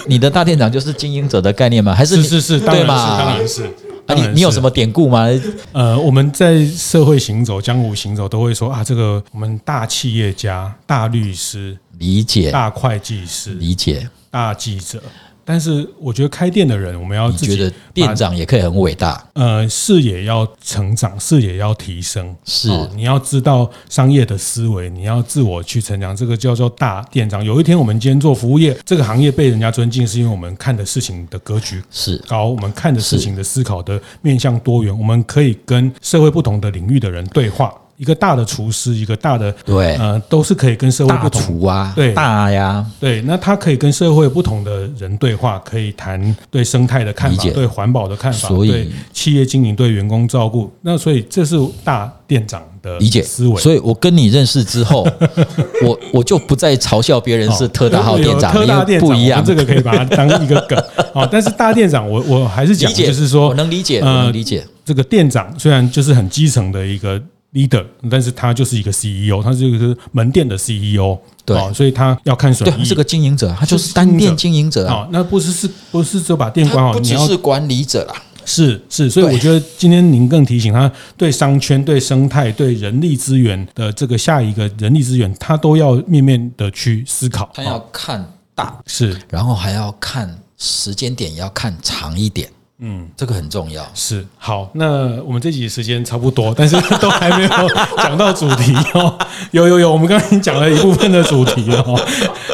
你的大店長就是經營者的概念嗎？還是是是是，當然是，是當然是。啊、你你有什麼典故嗎？呃、啊，我們在社會行走、江湖行走，都會說啊，這個我們大企業家、大律師理解、大會計師理解、大記者。但是我覺得開店的人，我們要自己，你覺得店長也可以很偉大。呃，視野要成長，視野要提升，是、哦、你要知道商業的思維，你要自我去成長，這個叫做大店長。有一天，我們今天做服務業這個行業被人家尊敬，是因為我們看的事情的格局高是高，我們看的事情的思考的面向多元，我們可以跟社會不同的領域的人對話。一個大的廚師，一個大的對，呃，都是可以跟社會不同大廚啊，對大、啊、呀，對，那他可以跟社會不同的人對話，可以談對生態的看法，對環保的看法。所以，對企業經營，對員工照顧。那所以這是大店長的理解思維。所以我跟你認識之後， 我我就不再嘲笑別人是特大號店長的，特、哦、大店長不一樣， 這個可以把它當一個梗啊，、哦。但是大店長我，我我還是講，就是說理解，能理解，呃、能理解這個店長雖然就是很基層的一個。leader，但是他就是一個 CEO，他就是一個門店的 CEO。對，哦、所以他要看什麼？對，他是個經營者，他就是單店經營者啊。那不是是，不是說把店管好，你只是管理者啦。是啦是、是，所以我覺得今天您更提醒他，對商圈、對生態、對人力資源的這個下一個人力資源，他都要面面的去思考。他要看大是，然後還要看時間點，也要看長一點。嗯，這個很重要。是好，那我們這集時間差不多，但是都還沒有講到主題哦。有有有，我們剛剛已經講了一部分的主題了、哦。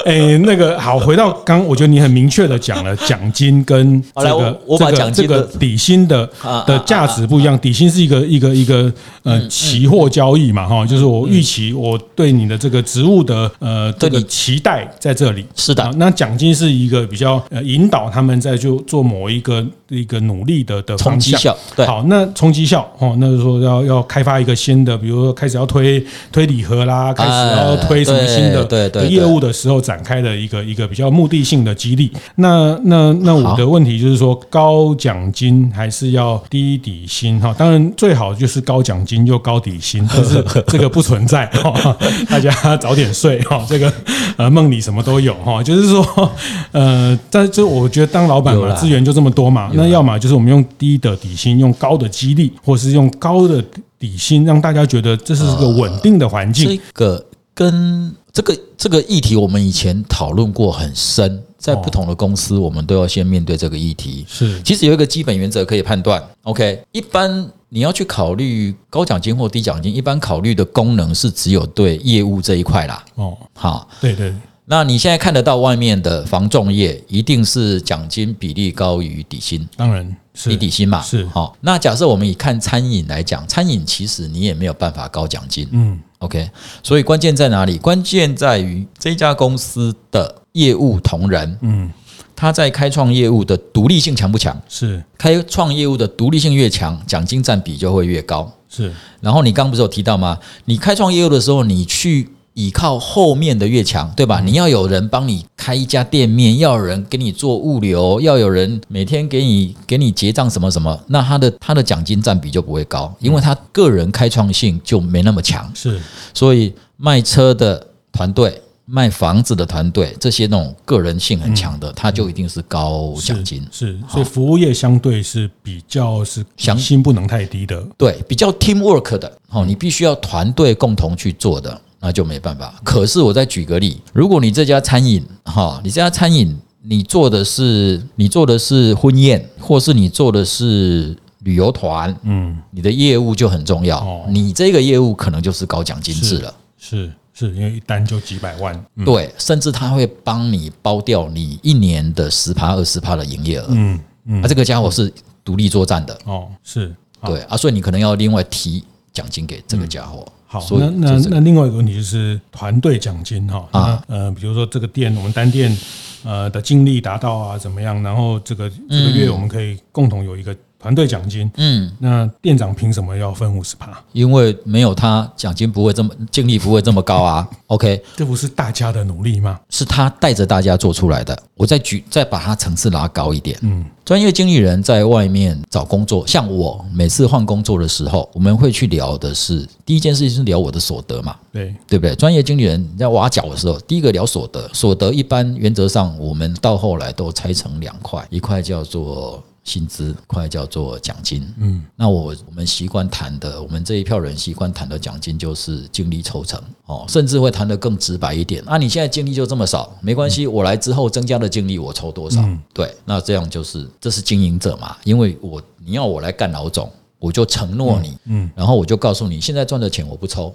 哎、欸，那個好，回到剛，我覺得你很明確的講了獎金跟這個好，來我我把獎金的這個這個底薪的，啊、的價值不一樣，啊啊啊。底薪是一個一個一個呃、嗯、期貨交易嘛，哈，就是我預期我對你的這個職務的呃這個期待在這裡。是的，那獎金是一個比較呃引導他們在就做某一個。一個努力的的衝擊效，對。好，那衝擊效哦，那就是說要要開發一個新的，比如說開始要推推禮盒啦，開始要推什麼新的業務的時候展開的一個一個比較目的性的激勵。那那那我的問題就是說，高獎金還是要低底薪哈？當然最好就是高獎金又高底薪，可是這個不存在， 哦、大家早點睡哈、哦。這個呃夢裡什麼都有哈、哦，就是說呃，但是我覺得當老闆嘛，資源就這麼多嘛。那要麼就是我們用低的底薪，用高的激勵，或是用高的底薪，讓大家覺得這是一個穩定的環境、呃。這個跟這個這個議題，我們以前討論過很深，在不同的公司，我們都要先面對這個議題。是、哦，其實有一個基本原則可以判斷。OK，一般你要去考慮高獎金或低獎金，一般考慮的功能是只有對業務這一塊啦。哦，好、哦，對對、對。那你現在看得到外面的房仲業，一定是獎金比例高於底薪，當然是你底薪嘛。是好，那假設我們以看餐飲來講，餐飲其實你也沒有辦法高獎金。嗯，OK。所以關鍵在哪裡？關鍵在於這家公司的業務同仁，嗯，他在開創業務的獨立性強不強？是，開創業務的獨立性越強，獎金占比就會越高。是。然後你剛剛不是有提到嗎？你開創業務的時候，你去。倚靠後面的越強，對吧？你要有人幫你開一家店面，要有人給你做物流，要有人每天給你給你結賬什麼什麼，那他的他的獎金占比就不會高，因為他個人開創性就沒那麼強。是，所以賣車的團隊、賣房子的團隊，這些那種個人性很強的、嗯，他就一定是高獎金是。是，所以服務業相對是比較是強薪不能太低的，對，比較 team work 的哦，你必須要團隊共同去做的。那就沒辦法。可是我再舉個例，如果你這家餐飲哈，你這家餐飲你做的是你做的是婚宴，或是你做的是旅游團，嗯，你的業務就很重要。你這個業務可能就是高獎金制了，是，是因為一單就幾百萬，對，甚至他會幫你包掉你一年的十趴二十趴的營業額，嗯嗯，這個家伙是獨立作戰的哦，是對啊，所以你可能要另外提獎金給這個家伙。好，那那那另外一個問題就是團隊獎金哈，啊，呃，比如說這個店我們單店呃的淨利達到啊怎麼樣，然後這個這個月我們可以共同有一個。團隊獎金，嗯，那店長憑什麼要分五十趴？因為沒有他，獎金不會這麼，淨利不會這麼高啊、欸。OK，這不是大家的努力嗎？是他帶着大家做出來的。我再舉，再把它層次拉高一點。嗯，專業經理人在外面找工作，像我每次換工作的時候，我們會去聊的是第一件事情是聊我的所得嘛？對，對不對？專業經理人在挖角的時候，第一個聊所得，所得一般原則上我們到後來都拆成兩塊，一塊叫做。薪資，塊叫做獎金，嗯，那我我們習慣談的，我們這一票人習慣談的獎金就是淨利抽成，哦，甚至會談得更直白一點，啊。那你現在淨利就這麼少，沒關係，我來之後增加的淨利我抽多少？對，那這樣就是這是經營者嘛，因為我你要我來幹老總，我就承諾你，嗯，然後我就告訴你，現在賺的錢我不抽，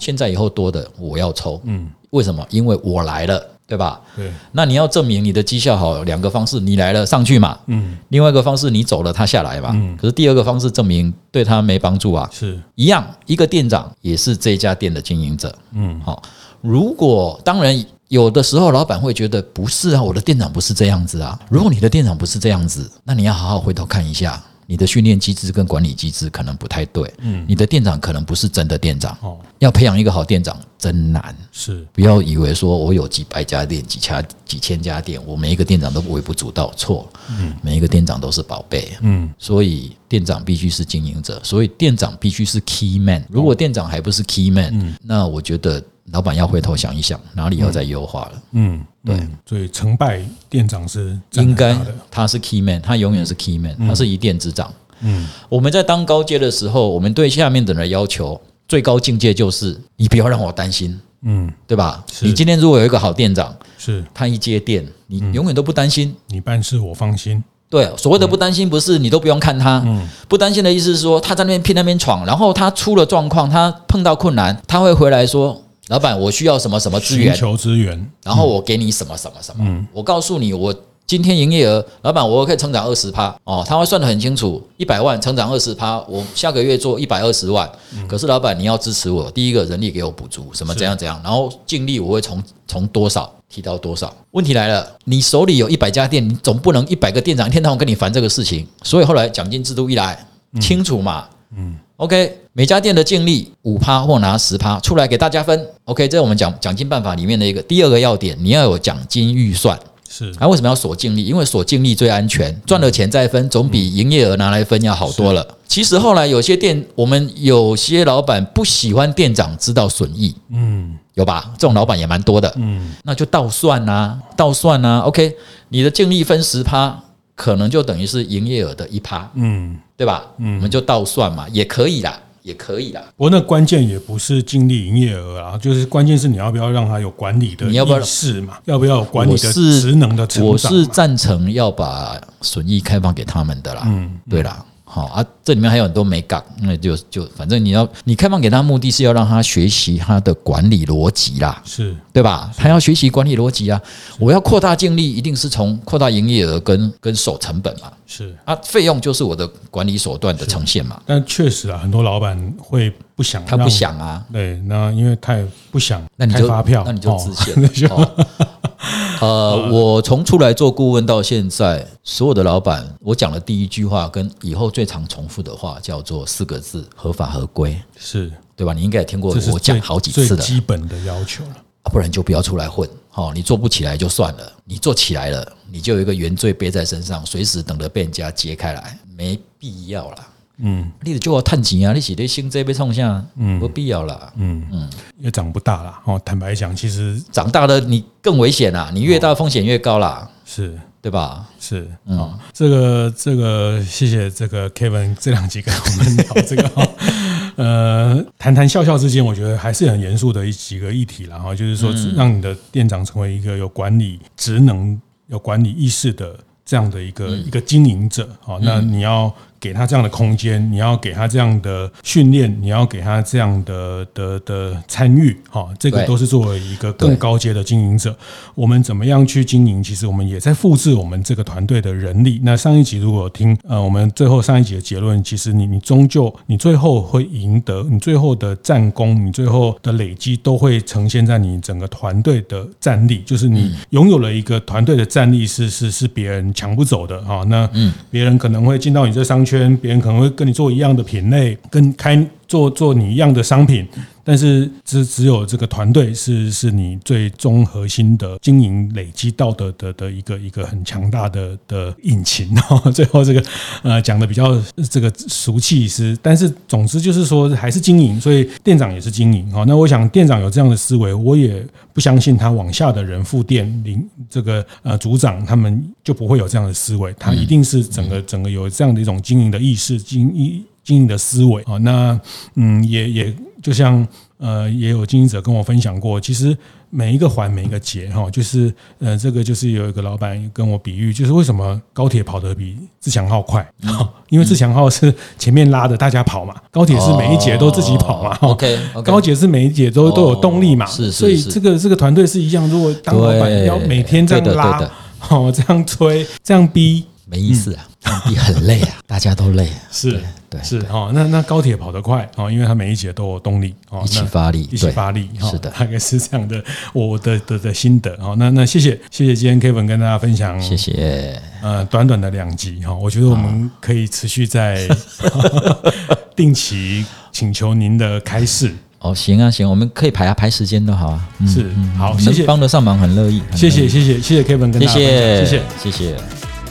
現在以後多的我要抽，嗯，為什麼？因為我來了。對吧？對，那你要證明你的績效好，兩個方式，你來了上去嘛，嗯，另外一個方式你走了他下來嘛，嗯，可是第二個方式證明對他沒幫助啊，是，一樣，一個店長也是這家店的經營者，嗯，好，哦，如果當然有的時候老闆會覺得不是啊，我的店長不是這樣子啊，如果你的店長不是這樣子，那你要好好回頭看一下。你的訓練機制跟管理機制可能不太對，嗯，你的店長可能不是真的店長，哦，要培養一個好店長真難，是，不要以為說我有幾百家店、幾千、幾千家店，我每一個店長都微不足道，錯，每一個店長都是寶貝，嗯，所以店長必須是經營者，所以店長必須是 key man，如果店長還不是 key man，那我覺得。老闆要回頭想一想，哪裡又再優化了。嗯，對，所以成敗店長是應該的，他是 key man，他永遠是 key man，他是一店之長。嗯，我們在當高階的時候，我們對下面的人要求最高境界就是你不要讓我擔心。嗯，對吧？你今天如果有一個好店長，是他一接店，你永遠都不擔心，你辦事我放心。對，所謂的不擔心不是你都不用看他，不擔心的意思是說他在那邊拼、那邊闖，然後他出了狀況，他碰到困難，他會回來說。老闆，我需要什麼什麼資源？求資源，然後我給你什麼什麼什麼。我告訴你，我今天營業額，老闆我可以成長二十趴哦。他會算得很清楚，一百萬成長二十趴，我下個月做一百二十萬。可是老闆，你要支持我，第一個人力給我補足，什麼怎樣怎樣，然後淨利我會從從多少提到多少。問題來了，你手裡有一百家店，你總不能一百個店長一天到晚跟你煩這個事情。所以後來獎金制度一來，清楚嘛？嗯，嗯。OK，每家店的淨利五趴或拿十趴出來給大家分。OK，這是我們講獎金辦法裡面的一個第二個要點，你要有獎金預算。是，啊，為什麼要鎖淨利？因為鎖淨利最安全，賺了錢再分，嗯、總比營業額拿來分要好多了，嗯。其實後來有些店，我們有些老闆不喜歡店長知道損益，嗯，有吧？這種老闆也蠻多的，嗯，那就倒算吶，啊，倒算吶，啊。OK，你的淨利分十趴，可能就等於是營業額的一趴，嗯。對吧？嗯，我們就倒算嘛，也可以啦，也可以啦。不過那關鍵也不是淨利、營業額啊，就是關鍵是你要不要讓他有管理的，你要不要試嘛？要不要有管理的職能的成長？我是贊成要把損益開放給他們的啦。嗯，對啦。嗯哦啊，這裡面還有很多沒講，那就就反正你要，你開放給他，目的是要讓他學習他的管理邏輯啦，是對吧是？他要學習管理邏輯啊，我要擴大淨利，一定是從擴大營業額跟跟守成本嘛，是啊，費用就是我的管理手段的呈現嘛。但確實啊，很多老闆會。不想他不想啊，對，那因為太不想，那你就發票，那你就自簽、哦 哦。呃、嗯，我從出來做顧問到現在，所有的老板，我講的第一句話跟以後最常重複的話，叫做四個字：合法合規，是對吧？你應該也聽過我講好幾次的基本的要求了、啊。不然就不要出來混，哦，你做不起來就算了，你做起來了，你就有一個原罪背在身上，隨時等着被人家揭開來，沒必要了。嗯，你自己就要嘆氣啊！你自己的心在被沖下，嗯，不必要了，嗯嗯，也長不大了。哦，坦白講，其實長大了你更危險啊！你越大風險越高了，是、哦，對吧？是，啊、嗯，這個這個，謝謝這個 Kevin 這兩集跟我們聊這個， 呃，談談笑笑之間，我覺得還是很嚴肅的一幾個議題了哈。就是說，讓你的店長成為一個有管理職能、有管理意識的這樣的一個、嗯、一個經營者啊、嗯，那你要。給他這樣的空間，你要給他這樣的訓練，你要給他這樣的的的參與，哈、哦，這個都是作為一個更高階的經營者，我們怎麼樣去經營？其實我們也在複製我們這個團隊的人力。那上一集如果聽，呃，我們最後上一集的結論，其實你你終究你最後會贏得，你最後的戰功，你最後的累積都會呈現在你整個團隊的戰力，就是你擁有了一個團隊的戰力是、嗯、是是，是別人搶不走的，哈、哦，那嗯，別人可能會進到你這商圈。別人可能會跟你做一樣的品類，跟開。做做你一樣的商品，但是只只有這個團隊是是你最中核心的經營累積到的的的一個一個很強大的的引擎。後，最後這個呃講的比較這個俗氣是，但是總之就是說還是經營，所以店長也是經營。哦。那我想店長有這樣的思維，我也不相信他往下的人、副店、領這個呃組長，他們就不會有這樣的思維。他一定是整個整個有這樣的一種經營的意識，經營。經營的思維啊，那嗯，也也就像呃，也有經營者跟我分享過，其實每一個環每一個節哈、哦，就是呃，這個就是有一個老板跟我比喻，就是為什麼高鐵跑得比自強號快？哦、因為自強號是前面拉的大家跑嘛，高鐵是每一節都自己跑嘛。哦哦哦、okay, OK，高鐵是每一節都、哦、都有動力嘛。是是是。所以這個是是這個團隊是一樣，如果當老板要每天在拉，好、哦、這樣催這樣逼，沒意思啊、嗯。啊你很累啊！大家都累啊，是，對，對是哦。那那高鐵跑得快哦，因為它每一節都有動力，一起發力，一起發力。是的，大概是這樣的，我的的的心得哦。那那謝謝謝謝今天 Kevin 跟大家分享，謝謝。呃，短短的兩集哈，我覺得我們可以持續在 定期請求您的開示。 哦，行啊行，我們可以排啊排時間都好啊，嗯。是，好，謝謝，幫得上忙很樂意，意。謝謝謝謝謝謝 Kevin 跟謝謝謝謝謝。謝謝謝謝